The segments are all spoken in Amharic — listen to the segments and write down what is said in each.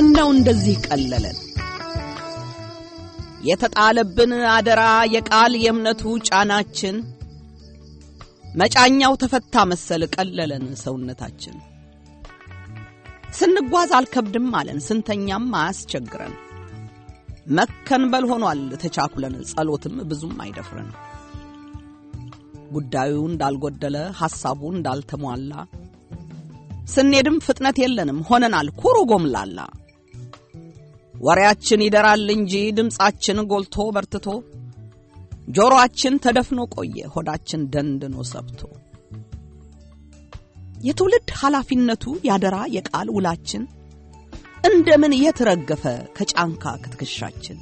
ምነው እንደዚህ ቀለለን? የተጣለብን አደራ የቃል የእምነቱ ጫናችን መጫኛው ተፈታ መሰል ቀለለን ሰውነታችን። ስንጓዝ አልከብድም አለን ስንተኛም አያስቸግረን መከንበል ሆኗል ተቻኩለን ጸሎትም ብዙም አይደፍረን። ጉዳዩ እንዳልጎደለ ሐሳቡ እንዳልተሟላ ስንሄድም ፍጥነት የለንም ሆነናል ኩሩ ጎምላላ ወሬያችን ይደራል እንጂ ድምፃችን ጎልቶ በርትቶ ጆሮአችን ተደፍኖ ቆየ ሆዳችን ደንድኖ ሰብቶ የትውልድ ኃላፊነቱ ያደራ የቃል ውላችን እንደምን የተረገፈ ከጫንካ ከትከሻችን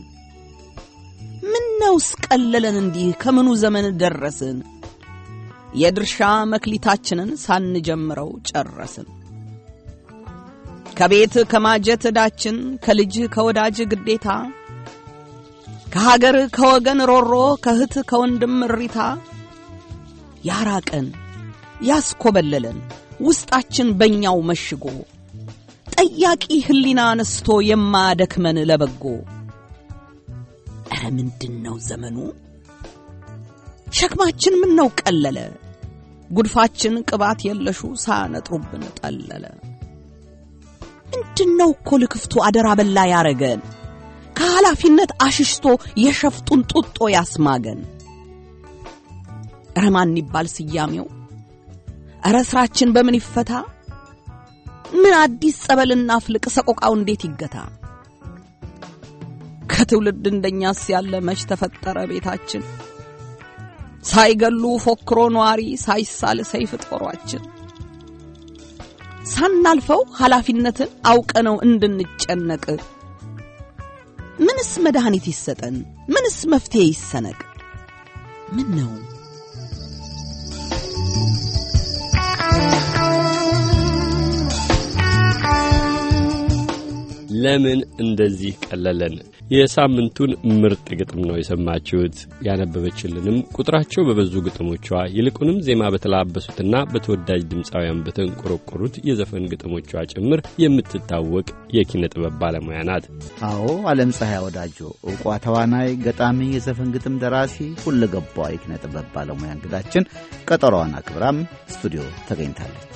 ምነውስ ቀለለን እንዲህ ከምኑ ዘመን ደረስን የድርሻ መክሊታችንን ሳንጀምረው ጨረስን ከቤት ከማጀት ዕዳችን፣ ከልጅ ከወዳጅ ግዴታ፣ ከሀገር ከወገን ሮሮ፣ ከእህት ከወንድም እሪታ ያራቀን ያስኮበለለን ውስጣችን በእኛው መሽጎ ጠያቂ ሕሊና አነስቶ የማያደክመን ለበጎ ኧረ ምንድን ነው ዘመኑ ሸክማችን ምነው ቀለለ ጉድፋችን ቅባት የለሹ ሳነጥሩብን ጠለለ። ምንድን ነው እኮ ልክፍቱ አደራ በላ ያረገን ከኃላፊነት አሽሽቶ የሸፍጡን ጡጦ ያስማገን። ኧረ ማን ይባል ስያሜው? ኧረ ስራችን በምን ይፈታ? ምን አዲስ ጸበልና ፍልቅ ሰቆቃው እንዴት ይገታ? ከትውልድ እንደኛስ ያለ መች ተፈጠረ ቤታችን? ሳይገሉ ፎክሮ ኗሪ ሳይሳል ሰይፍ ጦሯችን ሳናልፈው ኃላፊነትን አውቀነው እንድንጨነቅ ምንስ መድኃኒት ይሰጠን? ምንስ መፍትሄ ይሰነቅ? ምን ነው ለምን እንደዚህ ቀለለን? የሳምንቱን ምርጥ ግጥም ነው የሰማችሁት። ያነበበችልንም ቁጥራቸው በበዙ ግጥሞቿ ይልቁንም ዜማ በተላበሱትና በተወዳጅ ድምፃውያን በተንቆረቆሩት የዘፈን ግጥሞቿ ጭምር የምትታወቅ የኪነ ጥበብ ባለሙያ ናት። አዎ ዓለም ፀሐይ ወዳጆ እውቋ ተዋናይ፣ ገጣሚ፣ የዘፈን ግጥም ደራሲ፣ ሁለገቧ የኪነ ጥበብ ባለሙያ እንግዳችን ቀጠሯዋን አክብራም ስቱዲዮ ተገኝታለች።